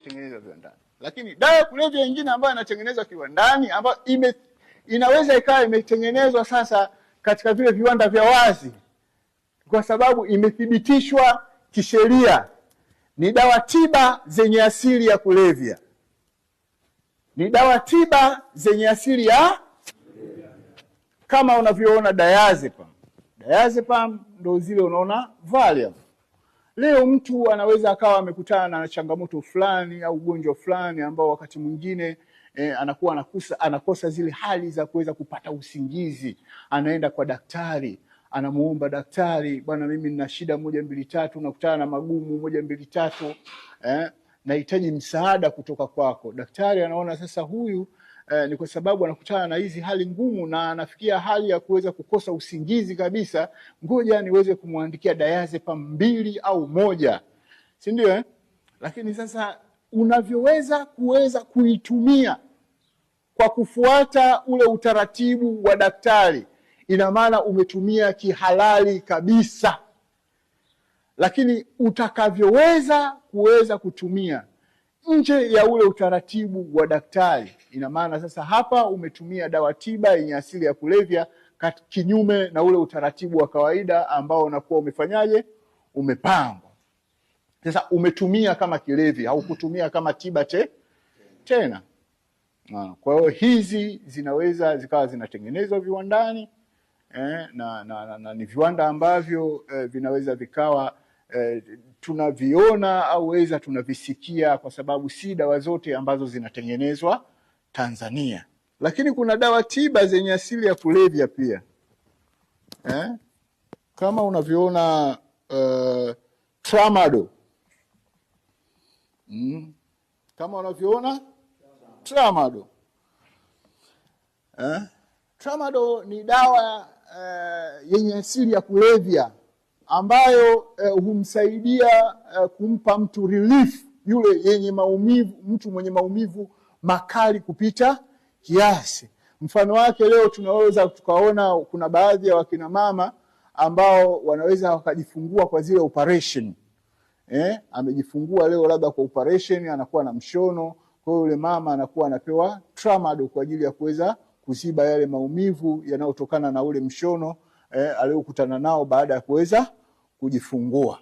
tengeneza viwandani, lakini dawa ya kulevya nyingine ambayo inatengenezwa kiwandani ambayo ime, inaweza ikawa imetengenezwa sasa katika vile viwanda vya wazi, kwa sababu imethibitishwa kisheria ni dawa tiba zenye asili ya kulevya, ni dawa tiba zenye asili ya kama unavyoona diazepam. Diazepam ndo zile unaona Valium Leo mtu anaweza akawa amekutana na changamoto fulani au ugonjwa fulani ambao wakati mwingine E, anakuwa anakusa, anakosa zile hali za kuweza kupata usingizi, anaenda kwa daktari, anamuomba daktari, bwana, mimi nina shida moja mbili tatu, nakutana na magumu moja mbili tatu eh, nahitaji msaada kutoka kwako. Daktari anaona sasa huyu eh, ni kwa sababu anakutana na hizi hali ngumu na anafikia hali ya kuweza kukosa usingizi kabisa. Ngoja niweze kumwandikia diazepam mbili au moja, si ndio eh? Lakini sasa unavyoweza kuweza kuitumia kwa kufuata ule utaratibu wa daktari, ina maana umetumia kihalali kabisa. Lakini utakavyoweza kuweza kutumia nje ya ule utaratibu wa daktari Ina maana sasa hapa umetumia dawa tiba yenye asili ya kulevya kinyume na ule utaratibu wa kawaida ambao unakuwa umefanyaje, umepangwa. Sasa umetumia kama kilevi, haukutumia kama tiba te tena. Kwa hiyo hizi zinaweza zikawa zinatengenezwa viwandani eh, na, na, na, na ni viwanda ambavyo eh, vinaweza vikawa eh, tunaviona au weza tunavisikia, kwa sababu si dawa zote ambazo zinatengenezwa Tanzania, lakini kuna dawa tiba zenye asili ya kulevya pia eh? kama unavyoona uh, eh, tramado mm. kama unavyoona tramado eh? tramado ni dawa uh, yenye asili ya kulevya ambayo uh, humsaidia uh, kumpa mtu relief yule yenye maumivu, mtu mwenye maumivu makali kupita kiasi. Mfano wake leo tunaweza tukaona kuna baadhi ya wakina mama ambao wanaweza wakajifungua kwa zile operation. Eh, amejifungua leo labda kwa operation, anakuwa na mshono, kwa hiyo yule mama anakuwa anapewa tramadol kwa ajili ya kuweza kuziba yale maumivu yanayotokana na ule mshono eh, aliyokutana nao baada ya kuweza kujifungua.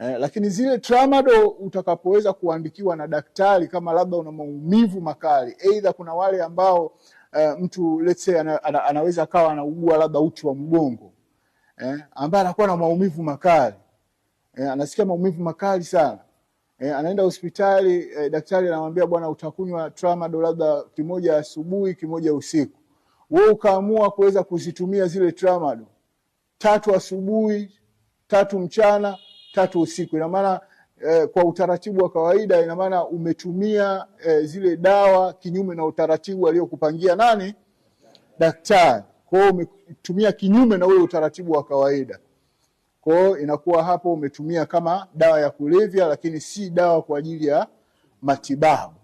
Eh, lakini zile tramado utakapoweza kuandikiwa na daktari kama labda una maumivu makali, aidha kuna wale ambao eh, mtu let's say ana, ana, anaweza akawa anaugua labda uti wa mgongo eh, ambaye anakuwa na maumivu makali eh, anasikia maumivu makali sana eh, anaenda hospitali eh, daktari anamwambia bwana, utakunywa tramado labda kimoja asubuhi, kimoja usiku. Wewe ukaamua kuweza kuzitumia zile tramado tatu asubuhi, tatu mchana tatu usiku. Ina maana eh, kwa utaratibu wa kawaida ina maana umetumia eh, zile dawa kinyume na utaratibu aliyokupangia nani daktari. Kwa hiyo umetumia kinyume na ule utaratibu wa kawaida. Kwa hiyo inakuwa hapo umetumia kama dawa ya kulevya, lakini si dawa kwa ajili ya matibabu.